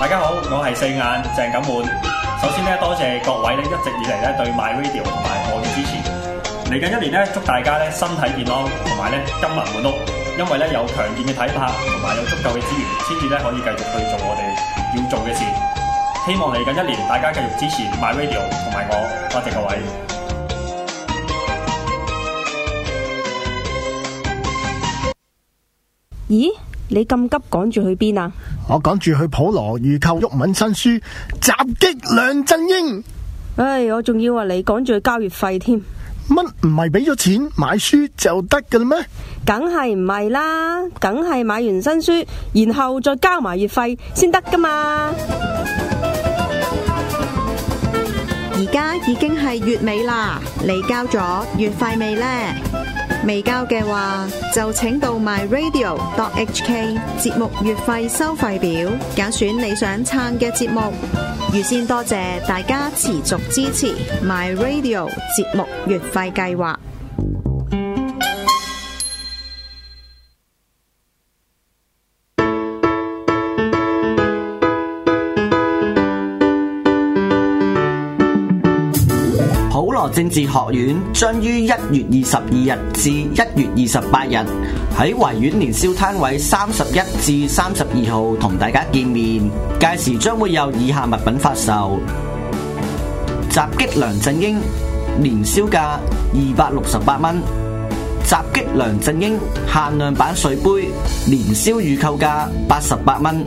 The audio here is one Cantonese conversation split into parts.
大家好，我係四眼鄭錦滿。首先咧，多謝各位咧一直以嚟咧對 My Radio 同埋我嘅支持。嚟緊一年咧，祝大家咧身體健康同埋咧金銀滿屋。因為咧有強健嘅體魄同埋有足夠嘅資源，先至咧可以繼續去做我哋要做嘅事。希望嚟緊一年大家繼續支持 My Radio 同埋我，多謝各位。咦？你咁急趕住去邊啊？我趕住去普羅預購毓民新書，襲擊梁振英。唉、哎，我仲以為你趕住去交月費添。乜唔係俾咗錢買書就得㗎喇咩？梗係唔係啦，梗係買完新書，然後再交埋月費先得噶嘛。而家已經係月尾啦，你交咗月費未呢？未交嘅話，就請到 myradio.hk 節目月費收費表，揀選你想撐嘅節目。預先多謝大家持續支持 myradio 節目月費計劃。普羅政治學院將於一月二十二日至一月二十八日喺維園年宵攤位三十一至三十二號同大家見面，屆時將會有以下物品發售：《襲擊梁振英》年宵價二百六十八蚊，《襲擊梁振英》限量版水杯年宵預購價八十八蚊。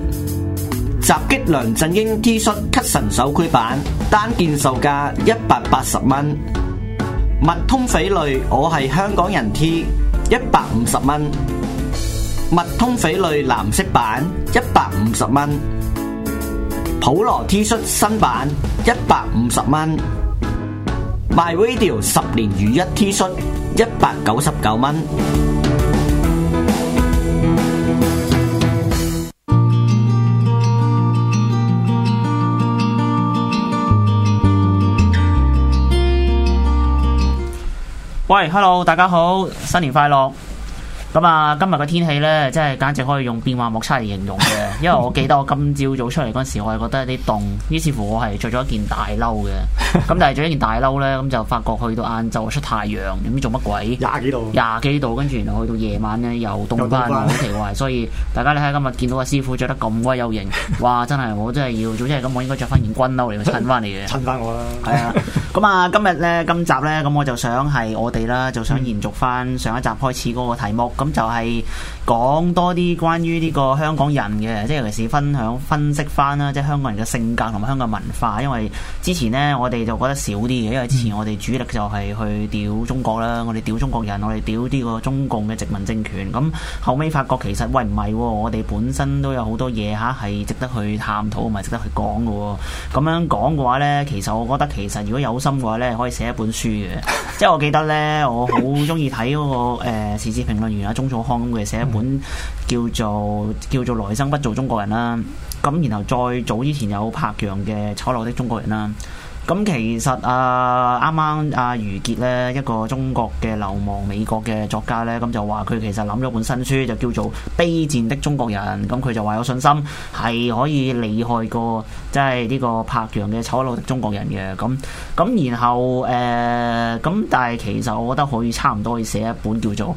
襲擊梁振英 T 恤 cut 神手繪版，單件售價一百八十蚊。麥通匪類，我係香港人 T，一百五十蚊。麥通匪類藍色版，一百五十蚊。普羅 T 恤新版，一百五十蚊。My Radio 十年如一 T 恤，一百九十九蚊。喂，Hello，大家好，新年快樂。咁啊，今日嘅天氣呢，真係簡直可以用變化莫測嚟形容嘅。因為我記得我今朝早，早出嚟嗰陣時，我係覺得有啲凍，於是乎我係着咗一件大褸嘅。咁但係着一件大褸咧，咁、嗯、就發覺去到晏晝出太陽，唔知做乜鬼，廿幾度，廿幾度，跟住然後去到夜晚咧又凍翻，好奇怪！ 所以大家你睇今日見到個師傅着得咁鬼有型， 哇！真係我真係要，早知係咁，我應該着翻件軍褸嚟襯翻你嘅，襯翻我啦。係啊、 嗯，咁啊今日咧今集咧，咁我就想係我哋啦，就想延續翻上,上一集開始嗰個題目，咁、嗯、就係講多啲關於呢個香港人嘅，即係尤其是分享分析翻啦，即、就、係、是、香港人嘅性格同埋香港文化，因為之前呢，我哋。就覺得少啲嘅，嗯、因為之前我哋主力就係去屌中國啦，hat, 我哋屌中國人，我哋屌呢個中共嘅殖民政權。咁後尾發覺其實喂唔係，我哋本身都有好多嘢嚇係值得去探討，同埋值得去講嘅。咁 樣講嘅話呢，其實我覺得其實如果有心嘅話呢，可以寫一本書嘅。即係我記得呢，我好中意睇嗰個誒時事評論員阿鍾祖康，佢寫一本叫做、嗯、叫做《來生不做中國人》啦。咁然後再早之前有柏楊嘅《醜陋的中國人》啦。咁、嗯、其實啊，啱啱阿余傑咧一個中國嘅流亡美國嘅作家咧，咁、嗯、就話佢其實諗咗本新書，就叫做《卑賤的中國人》。咁、嗯、佢就話有信心係可以厲害過，即係呢個柏楊嘅《醜陋的中國人》嘅、嗯。咁、嗯、咁然後誒，咁、呃嗯、但係其實我覺得可以差唔多可以寫一本叫做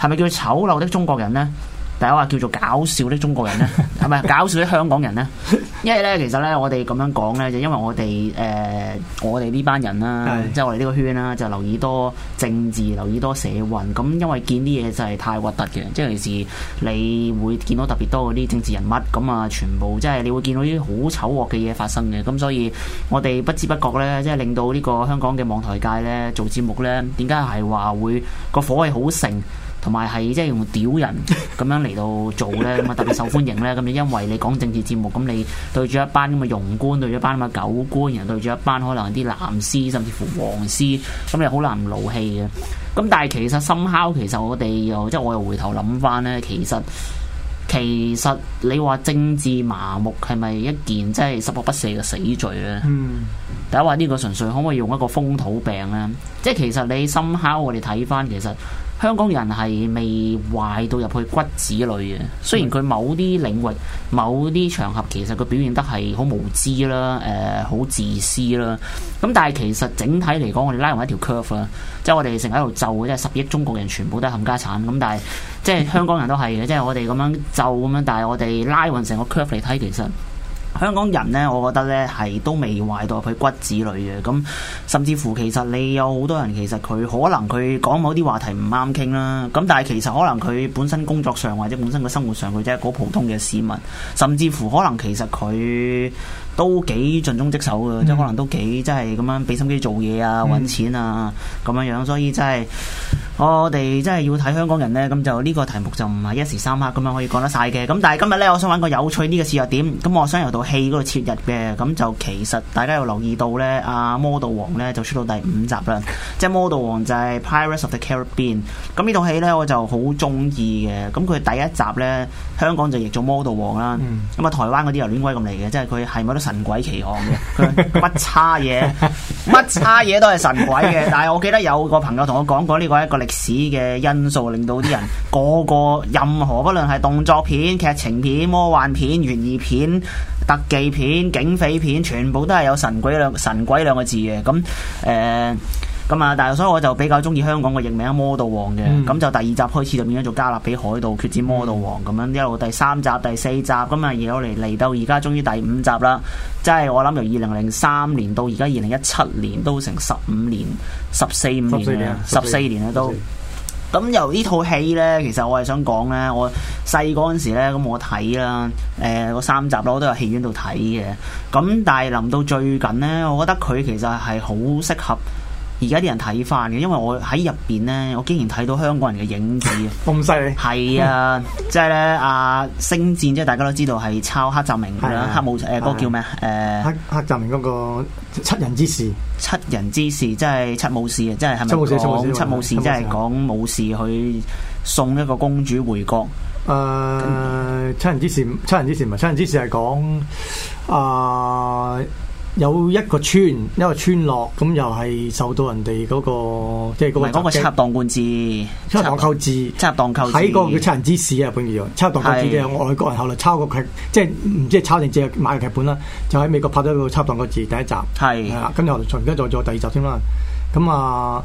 係咪叫《醜陋的中國人》呢？第一話叫做搞笑啲中國人咧，係咪 搞笑啲香港人咧？ 因為咧，其實咧，我哋咁樣講咧，就因為我哋誒，我哋呢班人啦，是即係我哋呢個圈啦，就留意多政治，留意多社運。咁因為見啲嘢真係太核突嘅，即係尤其是你會見到特別多嗰啲政治人物，咁啊，全部即係你會見到啲好醜惡嘅嘢發生嘅。咁所以我哋不知不覺咧，即係令到呢個香港嘅網台界咧，做節目咧，點解係話會個火氣好盛？同埋係即係用屌人咁樣嚟到做呢，咁啊特別受歡迎呢。咁你因為你講政治節目，咁你對住一班咁嘅庸官， 對住一班咁嘅狗官，然後對住一班可能啲藍絲甚至乎黃絲，咁你好難唔勞氣嘅。咁但係其實深究，其實我哋又即係我又回頭諗翻呢，其實其實你話政治麻木係咪一件即係十惡不赦嘅死罪呢？嗯、mm.，第一話呢個純粹可唔可以用一個風土病呢？即係其實你深究我哋睇翻，其實。香港人係未壞到入去骨子裡嘅，雖然佢某啲領域、某啲場合，其實佢表現得係好無知啦、誒、呃、好自私啦。咁但係其實整體嚟講，我哋拉勻一條 curve 啦，即係我哋成日喺度咒嘅啫，十億中國人全部都係冚家鏟咁，但係即係香港人都係嘅， 即係我哋咁樣就咁樣，但係我哋拉勻成個 curve 嚟睇，其實。香港人呢，我覺得呢，係都未壞到佢骨子裡嘅。咁、嗯、甚至乎其實你有好多人，其實佢可能佢講某啲話題唔啱傾啦。咁、嗯、但係其實可能佢本身工作上或者本身嘅生活上，佢真係個普通嘅市民。甚至乎可能其實佢都幾盡忠職守嘅，即、mm. 可能都幾即係咁樣俾心機做嘢啊、揾錢啊咁樣、mm. 樣。所以真係我哋真係要睇香港人呢。咁就呢個題目就唔係一時三刻咁樣可以講得晒嘅。咁、嗯、但係今日呢，我想揾個有趣呢個視野點。咁我想由到戲嗰度切入嘅，咁就其實大家有留意到呢，阿、啊、魔盜王呢就出到第五集啦，即係魔盜王就係、是《Pirates of the Caribbean》。咁呢套戲呢，我就好中意嘅。咁佢第一集呢，香港就譯做《魔盜王》啦。咁啊、嗯，台灣嗰啲又亂鬼咁嚟嘅，即係佢係咪都神鬼奇幻嘅乜叉嘢乜 叉嘢都係神鬼嘅？但係我記得有個朋友同我講過，呢個係一個歷史嘅因素，令到啲人個個任何，不論係動作片、劇情片、魔幻片、懸疑片。特技片、警匪片，全部都係有神鬼兩神鬼兩個字嘅。咁誒、咁、呃、啊，但係所以我就比較鍾意香港嘅譯名《魔道王》嘅、嗯。咁就第二集開始就變咗做《加勒比海盜：決戰魔道王》咁、嗯、樣一路第三集、第四集，咁啊有嚟嚟到而家終於第五集啦。即、就、係、是、我諗由二零零三年到而家二零一七年都成十五年、十四五年、十四年啊，都。咁由呢套戲呢，其實我係想講呢，我細個嗰陣時咧，咁我睇啦，誒、呃、嗰三集咯，我都有戲院度睇嘅。咁但係臨到最近呢，我覺得佢其實係好適合。而家啲人睇翻嘅，因為我喺入邊咧，我竟然睇到香港人嘅影子。咁犀利？係啊，即係咧，阿星戰即係大家都知道係抄黑澤明啦，黑武誒嗰個叫咩啊？誒黑黑澤明嗰個七人之士。七人之士即係七武士啊！即係係咪講七武士？即係講武士去送一個公主回國。誒七人之士，七人之士唔係七人之士係講啊。有一個村，一個村落，咁又係受到人哋嗰、那個，即係嗰個。唔係嗰個插檔漢字，插檔字，插檔字。睇嗰個叫《七人之侍》啊，日本片。插檔字即係我外國人後來抄個劇，即係唔知係抄定借買個劇本啦，就喺美國拍咗個插檔個字第一集。係係啦，跟住後嚟，隨而家再做第二集添啦。咁啊，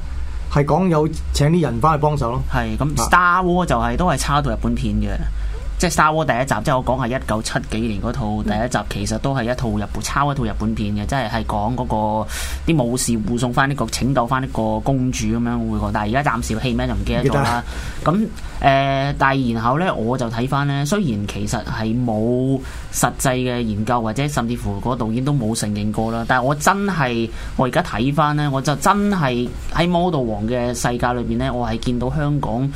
係講有請啲人翻去幫手咯。係咁是、嗯、，Star War 就係、是、都係抄到日本片嘅。即係 Star Wars 第一集，即係我講係一九七幾年嗰套第一集，其實都係一套日本抄一套日本片嘅，即係係講嗰個啲武士護送翻呢個，拯救翻呢個公主咁樣嘅，但係而家暫時個戲名就唔記得咗啦。咁誒、呃，但係然後咧，我就睇翻咧，雖然其實係冇實際嘅研究，或者甚至乎嗰個導演都冇承認過啦。但係我真係我而家睇翻咧，我就真係喺魔盜王嘅世界裏邊咧，我係見到香港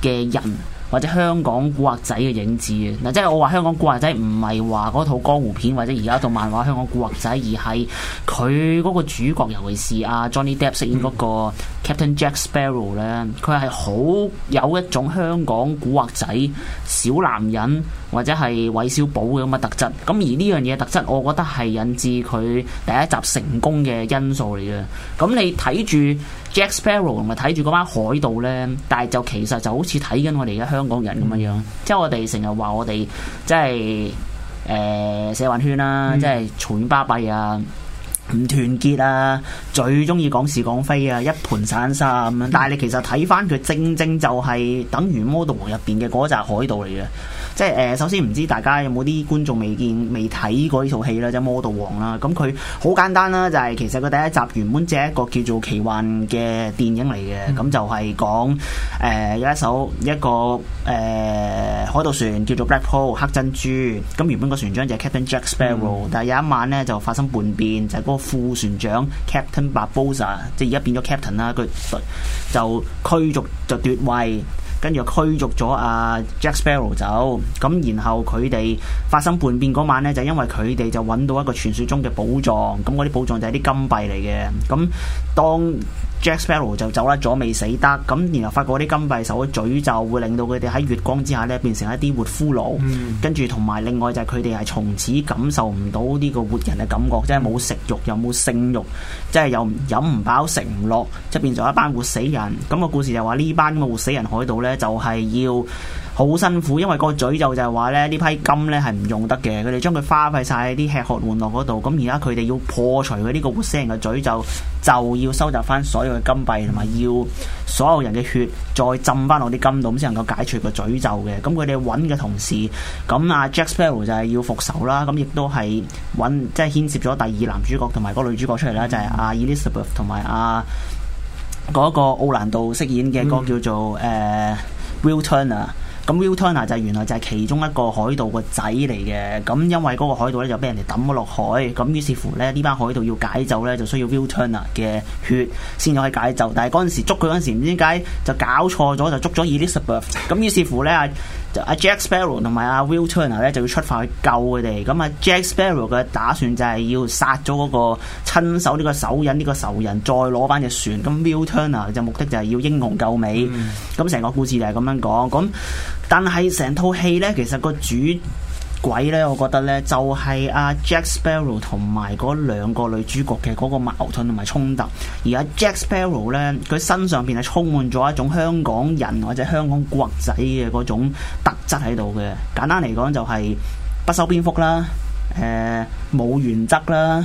嘅人。或者香港古惑仔嘅影子嗱，即係我話香港古惑仔唔係話嗰套江湖片或者而家套漫畫《香港古惑仔》，而係佢嗰個主角，尤其是阿 Johnny Depp 飾演嗰個 Captain Jack Sparrow 咧，佢係好有一種香港古惑仔小男人或者係韋小寶嘅咁嘅特質。咁而呢樣嘢特質，我覺得係引致佢第一集成功嘅因素嚟嘅。咁你睇住。Jack Sparrow 咪睇住嗰班海盜咧，但係就其實就好似睇緊我哋而家香港人咁樣樣，嗯、即係我哋成日話我哋即係誒社運圈啦，即係隨巴閉啊，唔、呃嗯、團結啊，最中意講是講非啊，一盤散沙咁樣。但係你其實睇翻佢，正正就係等於《魔盜王》入邊嘅嗰隻海盜嚟嘅。即係誒、呃，首先唔知大家有冇啲觀眾未見、未睇過呢套戲啦，即係《魔盜王》啦。咁佢好簡單啦，就係、是、其實佢第一集原本只係一個叫做奇幻嘅電影嚟嘅。咁、嗯、就係講誒有、呃、一艘一個誒、呃、海盜船叫做 Black Pearl 黑珍珠。咁原本個船長就係 Captain Jack Sparrow，嗯、但係有一晚咧就發生叛變，就係、是、嗰個副船長 Captain Barbossa 即係而家變咗 Captain 啦，佢就驅逐就奪位。跟住又驅逐咗阿、啊、Jack Sparrow 走，咁然後佢哋發生叛變嗰晚呢，就因為佢哋就揾到一個傳説中嘅寶藏，咁嗰啲寶藏就係啲金幣嚟嘅，咁當。Jack Sparrow 就走啦，左未死得，咁然後發覺啲金幣受咗詛咒，會令到佢哋喺月光之下咧變成一啲活骷髏，跟住同埋另外就係佢哋係從此感受唔到呢個活人嘅感覺，嗯、即係冇食慾又冇性慾，即係又飲唔飽食唔落，即係變做一班活死人。咁、這個故事就話呢班活死人海盜咧，就係、是、要好辛苦，因為個詛咒就係話咧呢批金咧係唔用得嘅，佢哋將佢花費晒喺啲吃喝玩樂嗰度，咁而家佢哋要破除佢呢個活死人嘅詛咒。就要收集翻所有嘅金幣，同埋要所有人嘅血再浸翻落啲金度，先能夠解除個詛咒嘅。咁佢哋揾嘅同時，咁阿 Jack Sparrow 就係要復仇啦。咁亦都係揾，即、就、係、是、牽涉咗第二男主角同埋嗰個女主角出嚟啦，嗯、就係阿 Elizabeth 同埋、啊、阿嗰個奧蘭度飾演嘅嗰個叫做誒、嗯 uh, Will Turner。咁 Will Turner 就係原來就係其中一個海盜個仔嚟嘅，咁因為嗰個海盜咧就俾人哋抌咗落海，咁於是乎咧呢班海盜要解咒咧就需要 Will Turner 嘅血先可以解咒。但係嗰陣時捉佢嗰陣時唔知點解就搞錯咗就捉咗 Elizabeth，咁於是乎咧。就阿 Jack Sparrow 同埋阿 Will Turner 咧就要出發去救佢哋，咁阿 Jack Sparrow 嘅打算就係要殺咗嗰個親手呢個手印呢個仇人，再攞翻隻船。咁 Will Turner 嘅目的就係要英雄救美。咁成、嗯、個故事就係咁樣講。咁但係成套戲咧，其實個主鬼咧，我覺得咧就係、是、阿、啊、Jack Sparrow 同埋嗰兩個女主角嘅嗰個矛盾同埋衝突。而阿、啊、Jack Sparrow 咧，佢身上邊係充滿咗一種香港人或者香港國仔嘅嗰種特質喺度嘅。簡單嚟講就係不修邊幅啦，誒、呃、冇原則啦，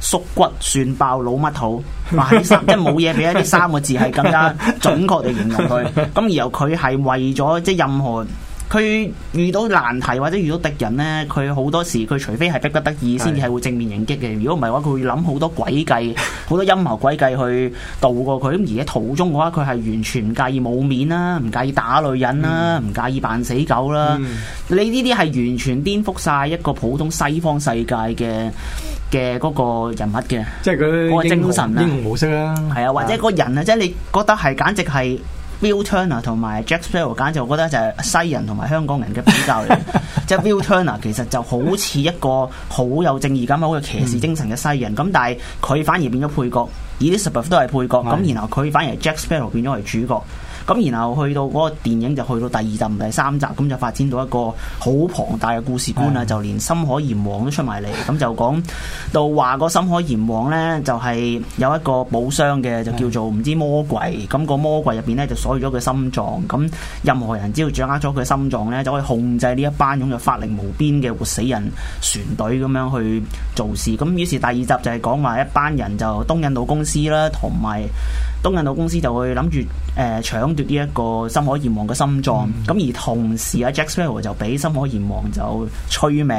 縮骨算爆老乜土， 即係冇嘢俾呢啲三個字係更加準確地形容佢。咁然後佢係為咗即係任何。佢遇到難題或者遇到敵人呢，佢好多時佢除非係逼不得已，先至係會正面迎擊嘅。如果唔係話，佢會諗好多詭計，好多陰謀詭計去渡過佢。咁而家途中嘅話，佢係完全唔介意冇面啦，唔介意打女人啦，唔介意扮死狗啦。嗯、你呢啲係完全顛覆晒一個普通西方世界嘅嘅個人物嘅，即係佢個精神、英雄模式啦。係啊，或者個人啊，即係你覺得係簡直係。Will Turner 同埋 Jack Sparrow，簡直我覺得就係西人同埋香港人嘅比較。 即係 Will Turner 其實就好似一個好有正義感、好有騎士精神嘅西人，咁、嗯、但係佢反而變咗配角，Elizabeth 都係配角，咁是 然後佢反而 Jack Sparrow 變咗為主角。咁然後去到嗰個電影就去到第二集、第三集，咁就發展到一個好龐大嘅故事觀啊！嗯、就連深海閻王都出埋嚟，咁就講到話個深海閻王呢，就係有一個寶箱嘅，就叫做唔知魔鬼。咁個魔鬼入邊呢，就鎖住咗佢心臟，咁任何人只要掌握咗佢心臟呢，就可以控制呢一班擁有法力無邊嘅活死人船隊咁樣去做事。咁於是第二集就係講話一班人就東印度公司啦，同埋。東印度公司就會諗住誒搶奪呢一個深海閻王嘅心臟，咁、嗯、而同時啊，Jack Sparrow 就俾深海閻王就催命，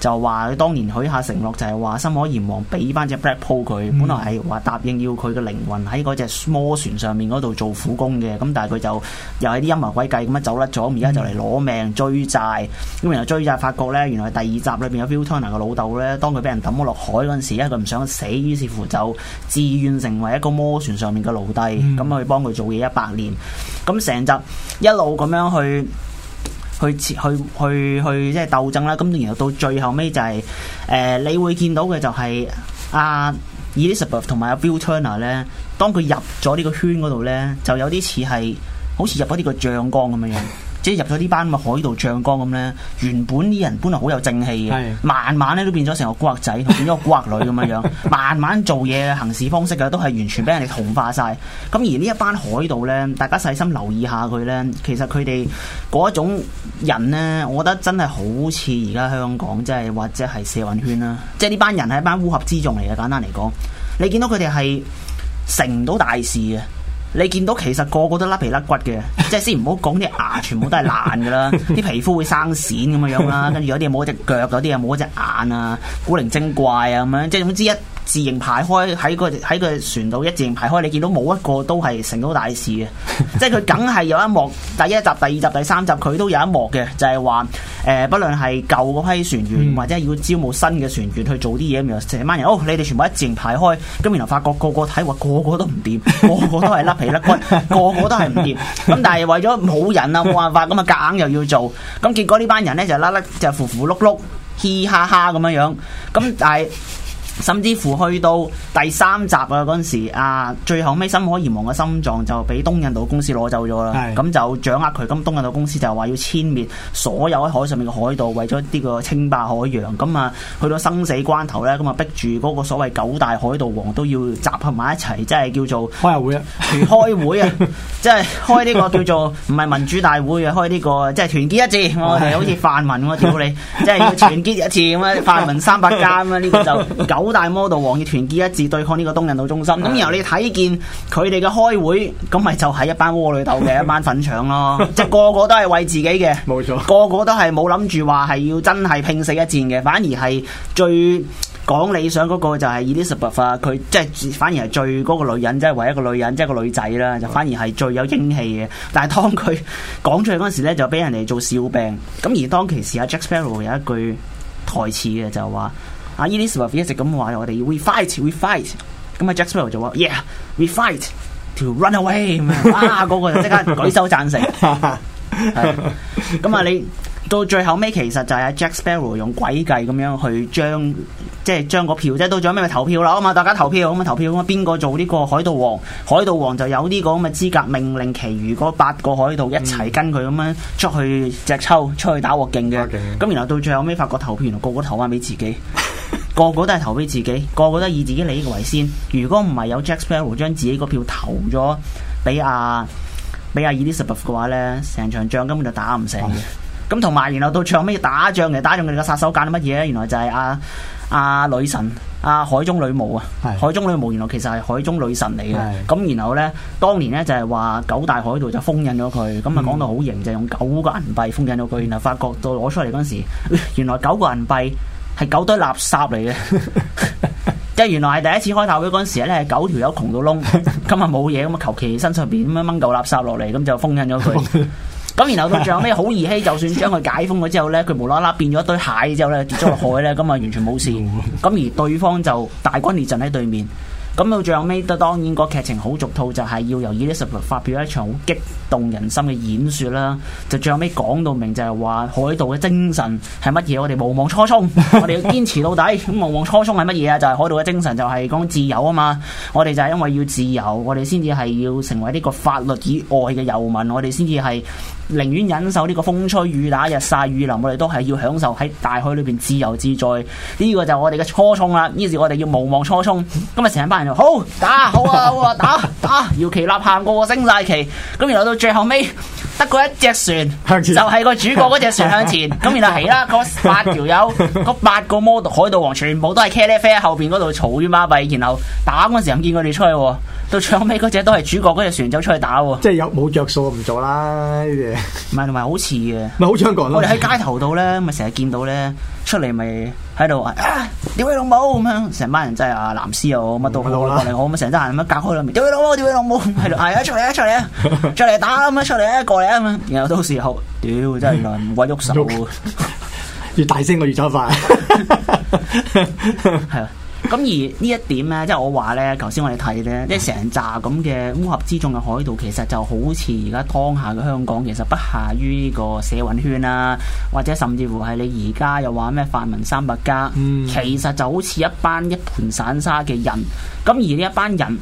就話佢當年許下承諾，就係話深海閻王俾翻隻 Black Pearl 佢，本來係話答應要佢嘅靈魂喺嗰隻魔船上面嗰度做苦工嘅，咁但係佢就又喺啲陰謀鬼計咁樣走甩咗，而家就嚟攞命追債，咁然後追債發覺咧，原來第二集裏邊有 Will Turner 個老豆咧，當佢俾人抌咗落海嗰陣時，因為佢唔想死，於是乎就自願成為一個魔船上面嘅老徒弟咁去幫佢做嘢一百年，咁成集一路咁樣去去去去去即係鬥爭啦。咁然後到最後尾就係、是、誒、呃，你會見到嘅就係阿 Elizabeth 同埋阿 Bill Turner 咧，當佢入咗呢個圈嗰度咧，就有啲似係好似入咗呢個象江咁樣樣。即係入咗呢班嘛海盜唱江咁呢，原本啲人本嚟好有正氣嘅，是的 慢慢咧都變咗成個古惑仔，變咗個古惑女咁樣樣， 慢慢做嘢嘅行事方式嘅都係完全俾人哋同化晒。咁而呢一班海盜呢，大家細心留意下佢呢。其實佢哋嗰種人呢，我覺得真係好似而家香港，即係或者係社運圈啦，即係呢班人係一班烏合之眾嚟嘅。簡單嚟講，你見到佢哋係成唔到大事嘅。你見到其實個個都甩皮甩骨嘅，即係先唔好講啲牙全部都係爛嘅啦，啲 皮膚會生癬咁樣啦，跟住有啲冇一隻腳，有啲又冇一隻眼啊，古靈精怪啊咁樣，即係總之一字形排開喺個喺個船度一字形排開，你見到冇一個都係成到大事嘅？即係佢梗係有一幕，第一集、第二集、第三集佢都有一幕嘅，就係話誒，不論係舊嗰批船員或者要招募新嘅船員去做啲嘢咁樣，成班人，哦，你哋全部一字形排開。咁然後發覺個個睇話個個都唔掂，個個都係甩皮甩骨，個個都係唔掂，咁但係為咗冇人啊，冇辦法，咁啊夾硬又要做，咁結果呢班人咧就甩甩就糊糊碌碌嘻嘻哈哈咁樣樣，咁但係。甚至乎去到第三集啊嗰陣時，啊最後尾深海閻王嘅心臟就俾東印度公司攞走咗啦，咁就是的 掌握佢。咁東印度公司就話要殲滅所有喺海上面嘅海盜，為咗呢個稱霸海洋。咁啊去到生死關頭咧，咁啊逼住嗰個所謂九大海盜王都要集合埋一齊，即係叫做開下會啊，開會啊，即係 開呢個叫做唔係民主大會啊，開呢、這個即係團結一致，是的 我哋好似泛民我屌你，即係、就是、要團結一次咁啊，泛民三百間啊，呢、這個就九。好大 model，王要團結一致對抗呢個東印度中心。咁、嗯、然後你睇見佢哋嘅開會，咁咪就係一班窩裏鬥嘅一班粉腸咯，即係個個都係為自己嘅，冇錯。個個都係冇諗住話係要真係拼死一戰嘅，反而係最講理想嗰個就係 Elizabeth，佢即係反而係最嗰、嗰個女人，即係唯一,一個女人，即係個女仔啦， 就反而係最有英氣嘅。但係當佢講出去嗰陣時咧，就俾人哋做笑柄。咁而當其時阿、啊、Jack Sparrow 有一句台詞嘅就話。啊！呢啲 s 一直咁話，我哋要 we fight，we fight, we fight。咁啊，Jack Sparrow 就話，yeah，we fight to run away。哇、啊！嗰、 啊嗰個就即刻舉手贊成。咁啊，嗯、你到最後尾，其實就係 Jack Sparrow 用詭計咁樣去將即係將個票即係到最後尾咪投票咯啊嘛，大家投票啊嘛，投票咁啊，邊個做呢個海盜王？海盜王就有呢個咁嘅資格，命令其餘嗰八個海盜一齊跟佢咁樣出去隻抽出去打鑊勁嘅。咁然後到最後尾發覺投票原來個個投翻俾自己。個個都係投俾自己，個個都以自己利益為先。如果唔係有 Jack Sparrow 將自己個票投咗俾阿俾阿伊莉莎白嘅話呢，成場仗根本就打唔成。咁同埋，然後到唱咩打仗嚟打中佢哋個殺手揀啲乜嘢咧？原來就係阿阿女神阿、啊、海中女巫啊！是的 海中女巫原來其實係海中女神嚟嘅。咁是的 然後呢，當年呢就係話九大海盜就封印咗佢。咁啊講到好型，就是、用九個銀幣封印咗佢。然後發覺到攞出嚟嗰時，原來九個銀幣，係九堆垃圾嚟嘅，即係原來係第一次開頭嗰陣時咧，九條友窮到窿，咁啊冇嘢，咁啊求其身上邊咁樣掹嚿垃圾落嚟，咁就封印咗佢。咁 然後到最後尾好兒戲，就算將佢解封咗之後咧，佢無啦啦變咗一堆蟹之後咧跌咗落海咧，咁啊完全冇事。咁 而對方就大軍列陣喺對面。咁到最後尾都當然個劇情好俗套，就係、是、要由伊麗莎白發表一場好激動人心嘅演説啦。就最後尾講到明就，就係話海盜嘅精神係乜嘢？我哋無忘初衷， 我哋要堅持到底。咁無忘初衷係乜嘢啊？就係、是、海盜嘅精神，就係講自由啊嘛！我哋就係因為要自由，我哋先至係要成為呢個法律以外嘅遊民，我哋先至係寧願忍受呢個風吹雨打、日曬雨淋，我哋都係要享受喺大海裏邊自由自在。呢、這個就係我哋嘅初衷啦。於是，我哋要無忘初衷。今日成班人好打，好啊，好啊，打打，搖旗吶喊，升晒旗。咁然後到最後尾，得個一隻船，就係個主角嗰隻船向前。咁然後起啦，八條友，個八個魔導海盜王，全部都係茄喱啡喺後邊嗰度嘈喧巴閉。然後打嗰陣時，見佢哋出去，到最後尾嗰隻都係主角嗰隻船走出去打。即係有冇着數唔做啦？唔係同埋好似嘅，唔係好猖狂咯。我哋喺街頭度咧，咪成日見到咧出嚟咪。喺度啊！屌你老母咁樣，成班人真係啊，藍絲又乜都好、嗯、過嚟，我咁成日行咁樣隔開兩面：「屌你老母，屌你老母，喺度嗌出嚟啊，出嚟啊，出嚟打咁樣出嚟啊，過嚟啊嘛，然後到時候屌真係令人唔屈喐手、啊越，越大聲我越走快。咁而呢一點呢，即係我話呢，頭先我哋睇呢，即係成紮咁嘅烏合之眾嘅海盜，其實就好似而家當下嘅香港，其實不下於呢個社運圈啊，或者甚至乎係你而家又話咩泛民三百家，嗯、其實就好似一班一盤散沙嘅人。咁而呢一班人。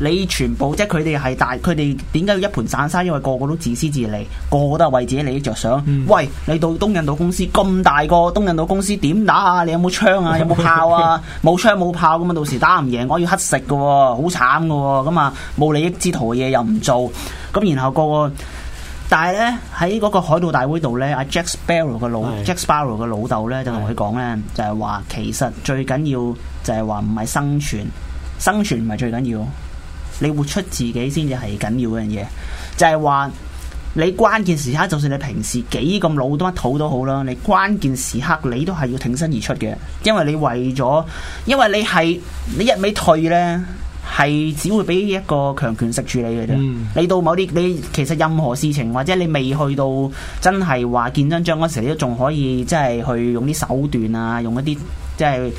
你全部即係佢哋係大，佢哋點解要一盤散沙？因為個個都自私自利，個個都係為自己利益着想。嗯、喂，你到東印度公司咁大個東印度公司點打啊？你有冇槍啊？有冇炮啊？冇槍冇炮咁啊，到時打唔贏我要、哦，要乞食嘅喎，好慘嘅喎。咁啊，冇利益之徒嘅嘢又唔做。咁然後個個，但係呢，喺嗰個海盜大會度、啊、是的 呢，阿 Jack Sparrow 嘅老 Jack Sparrow 嘅老豆呢，就同佢講呢，就係話其實最緊要就係話唔係生存，生存唔係最緊要。你活出自己先至係緊要嗰樣嘢，就係話你關鍵時刻，就算你平時幾咁老都多土都好啦，你關鍵時刻你都係要挺身而出嘅，因為你為咗，因為你係你一味退呢，係只會俾一個強權食住你嘅啫。嗯、你到某啲，你其實任何事情或者你未去到真係話見真章嗰時，你都仲可以即係去用啲手段啊，用一啲即係。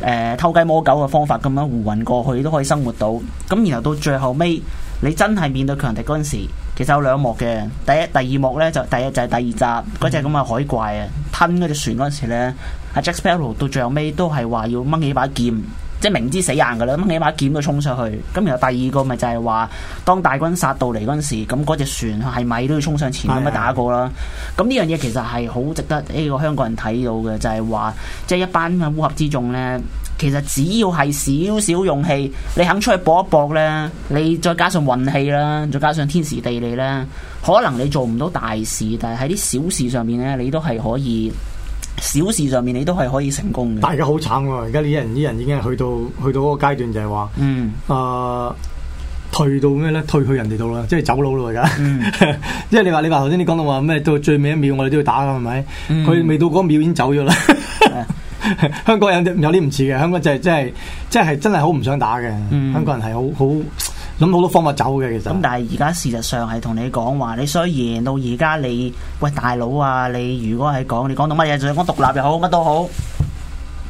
誒、呃，偷雞摸狗嘅方法咁樣胡混過去都可以生活到，咁然後到最後尾，你真係面對強敵嗰陣時，其實有兩幕嘅，第一、第二幕呢，就第一就係、是、第二集嗰隻咁嘅海怪啊，吞嗰隻船嗰陣時咧，阿 Jack Sparrow 到最後尾都係話要掹起把劍。即係明知死硬嘅啦，咁掹起把劍都衝上去。咁然後第二個咪就係話，當大軍殺到嚟嗰陣時，咁嗰隻船係咪都要衝上前咁的樣打過啦。咁呢樣嘢其實係好值得呢個香港人睇到嘅，就係、是、話，即係一班烏合之眾呢，其實只要係少少勇氣，你肯出去搏一搏呢，你再加上運氣啦，再加上天時地利啦，可能你做唔到大事，但係喺啲小事上面呢，你都係可以。小事上面你都係可以成功嘅、啊。但係而家好慘喎！而家呢啲人，啲人已經係去到去到嗰個階段、就是，就係話，嗯，啊、呃，退到咩咧？退去人哋度啦，即係走佬啦而家。即係、嗯、 你話你話頭先，你講到話咩？到最尾一秒，我哋都要打啦，係咪？佢、嗯、未到嗰秒，已經走咗啦。 香港有啲有啲唔似嘅，香港就係、是就是就是、真係，真係真係好唔想打嘅。嗯、香港人係好好。咁好多方法走嘅，其實咁、嗯、但係而家事實上係同你講話，你雖然到而家你喂大佬啊，你如果係講你講到乜嘢，就算講獨立又好乜都好，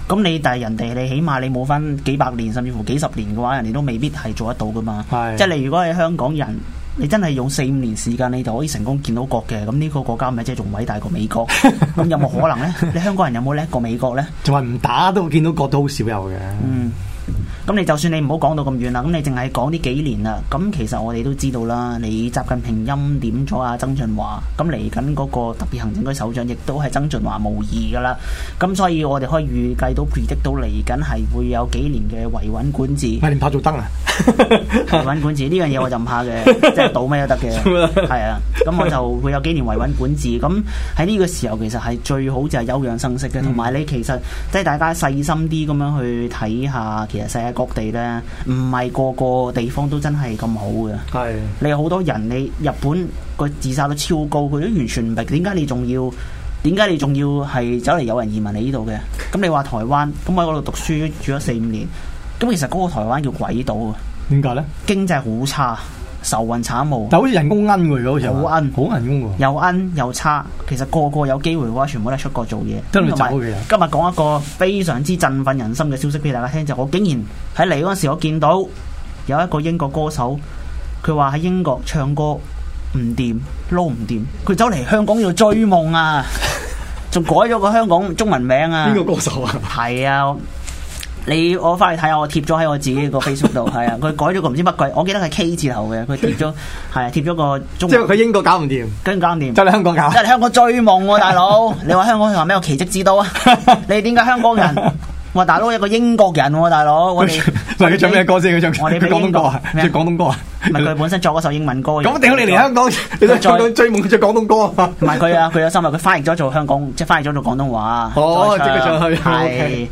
咁你但係人哋你起碼你冇翻幾百年甚至乎幾十年嘅話，人哋都未必係做得到㗎嘛。是即係你如果係香港人，你真係用四五年時間，你就可以成功見到國嘅。咁呢個國家咪即係仲偉大過美國？咁有冇可能呢？ 你香港人有冇叻過美國呢？仲係唔打都見到國都好少有嘅。嗯。咁你就算你唔好講到咁遠啦，咁你淨係講呢幾年啦。咁其實我哋都知道啦，你習近平欽點咗阿曾俊華，咁嚟緊嗰個特別行政區首長亦都係曾俊華無疑噶啦。咁所以我哋可以預計到 predict 到，嚟緊係會有幾年嘅維穩管治。你唔怕做燈啊？維 穩管治呢樣嘢我就唔怕嘅， 即係賭咩都得嘅，係啊。 咁我就會有幾年維穩管治。咁喺呢個時候其實係最好就係休養生息嘅，同埋你其實即係大家細心啲咁樣去睇下，其實各地咧，唔係個個地方都真係咁好嘅。係，是的 你有好多人，你日本個自殺率超高，佢都完全唔明點解你仲要？點解你仲要係走嚟有人移民你呢度嘅？咁你話台灣，咁我喺嗰度讀書住咗四五年，咁其實嗰個台灣叫鬼島啊，點解咧？經濟好差。愁雲慘霧，就好似人工恩嘅，好似好恩，好人工嘅，又恩又差。其實個個有機會嘅話，全部都係出國做嘢。著今日講一個非常之振奮人心嘅消息俾大家聽就是，我竟然喺嚟嗰陣時，我見到有一個英國歌手，佢話喺英國唱歌唔掂，撈唔掂，佢走嚟香港要追夢啊，仲 改咗個香港中文名啊。邊個歌手啊？係啊。你我翻去睇下，我貼咗喺我自己個 Facebook 度。係啊，佢改咗個唔知乜鬼，我記得係 K 字頭嘅，佢貼咗，係貼咗個中國。即係佢英國搞唔掂，跟住搞唔掂。即係香港搞。即係香港最夢喎，啊， 大佬，你話香港係咪咩奇蹟之都啊？ 你點解香港人？哇！大佬一個英國人，大佬我哋，佢唱咩歌先？佢唱，我哋廣東歌啊，唱廣東歌啊。唔係佢本身作嗰首英文歌。咁點解你嚟香港，你再追夢佢唱廣東歌啊？唔係佢啊，佢有心啊，佢翻譯咗做香港，即係翻譯咗做廣東話。哦，即刻唱去，係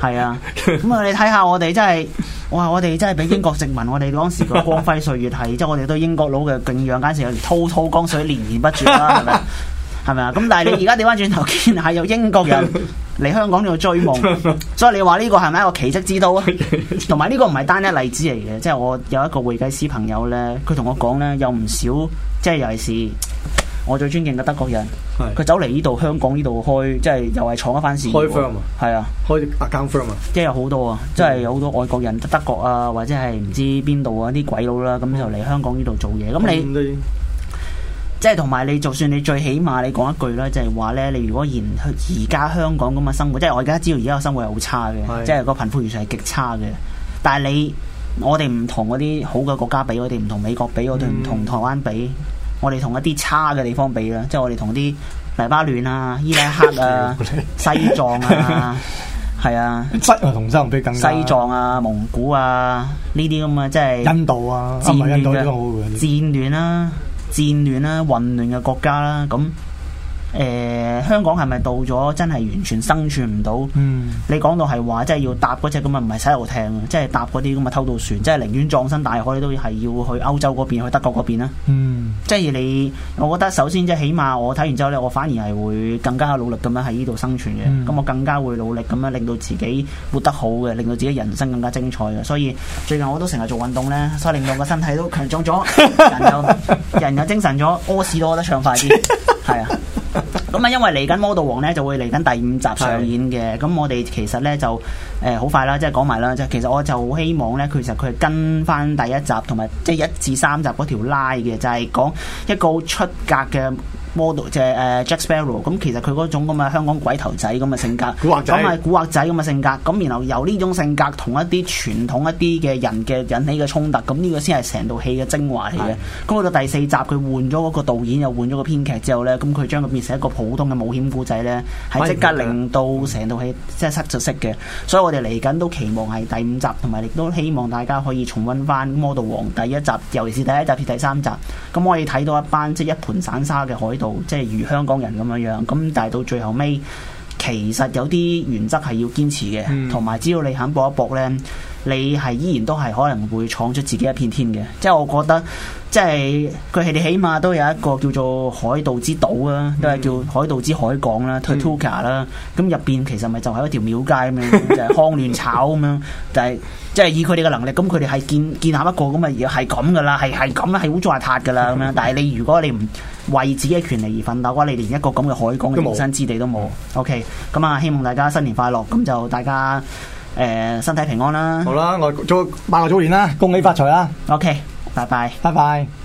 係啊。咁啊，你睇下我哋真係，哇！我哋真係俾英國殖民，我哋當時嘅光輝歲月係，即係我哋對英國佬嘅敬仰，簡直有如滔滔江水連綿不絕啦。係咪？係咪啊？咁但係你而家掉翻轉頭見下有英國人嚟香港度追夢， 所以你話呢個係咪一個奇蹟之都啊？同埋呢個唔係單一例子嚟嘅，即係我有一個會計師朋友咧，佢同我講咧，有唔少即係尤其是我最尊敬嘅德國人，佢是走嚟呢度香港呢度開，即係又係闖一番事業，開 firm 啊，係啊，開 account firm 啊，即係有好多啊，即係有好多外國人德國啊，或者係唔知邊度啊啲鬼佬啦，咁就嚟香港呢度做嘢，咁、嗯、你。即係同埋你，就算你最起碼你講一句啦，就係話咧，你如果而家香港咁嘅生活，即係我而家知道而家嘅生活係好差嘅，是即係個貧富懸殊係極差嘅。但係你我哋唔同嗰啲好嘅國家比，我哋唔同美國比，我哋唔同台灣比，嗯、我哋同一啲差嘅地方比啦。即係我哋同啲黎巴嫩啊、伊拉克啊、 西藏啊，係 啊，同西藏啊、蒙古啊呢啲咁嘅，即係印度啊、戰亂啊、戰亂啦。戰亂啦，混亂嘅國家啦，咁。誒、呃，香港係咪到咗真係完全生存唔、嗯、到？你講到係話，即係要搭嗰隻咁啊，唔係洗頭艇，即係搭嗰啲咁啊偷渡船，即係寧願葬身大海，都係要去歐洲嗰邊，去德國嗰邊啦。嗯、即係你，我覺得首先即係起碼，我睇完之後咧，我反而係會更加努力咁樣喺呢度生存嘅。咁、嗯、我更加會努力咁樣令到自己活得好嘅，令到自己人生更加精彩嘅。所以最近我都成日做運動咧，所以令到個身體都強壯咗，人又 精神咗，屙屎都屙得暢快啲，係啊！ 咁啊，因為嚟緊《魔盜王》咧就會嚟緊第五集上演嘅，咁是我哋其實咧就誒好、欸、快啦，即係講埋啦，即係其實我就好希望咧，其實佢跟翻第一集同埋即係一至三集嗰條 line 嘅，就係、是、講一個好出格嘅。m o 魔盜即係誒 Jack Sparrow，咁其實佢嗰種咁嘅香港鬼頭仔咁嘅性格，咁啊古惑仔咁嘅性格，咁然後由呢種性格同一啲傳統一啲嘅人嘅引起嘅衝突，咁呢個先係成套戲嘅精華嚟嘅。咁去到第四集，佢換咗嗰個導演，又換咗個編劇之後咧，咁佢將佢變成一個普通嘅冒險故仔咧，係即刻令到成套戲即係失咗色嘅。的所以我哋嚟緊都期望係第五集，同埋亦都希望大家可以重溫翻《魔盜王》第一集，尤其是第一集至第三集。咁我哋睇到一班即係一盤散沙嘅海。即係如香港人咁樣樣咁，但係到最後尾，其實有啲原則係要堅持嘅，同埋、嗯、只要你肯搏一搏咧。你係依然都係可能會闖出自己一片天嘅，即係我覺得，即係佢哋起碼都有一個叫做海盜之島啦，嗯、都係叫海盜之海港啦，Tortuga 啦，咁入邊其實咪就係一條廟街咁樣， 就係抗亂炒咁樣，但係即係以佢哋嘅能力，咁佢哋係建建下一個咁啊，係咁噶啦，係係咁啦，係烏糟邋遢噶啦咁樣。樣、嗯、但係你如果你唔為自己嘅權利而奮鬥嘅話，嗯、你連一個咁嘅海港嘅生存之地都冇。嗯、OK，咁啊，希望大家新年快樂，咁就大家。誒、呃、身體平安啦！好啦，我做八個組員啦，恭喜發財啦！OK，拜拜，拜拜。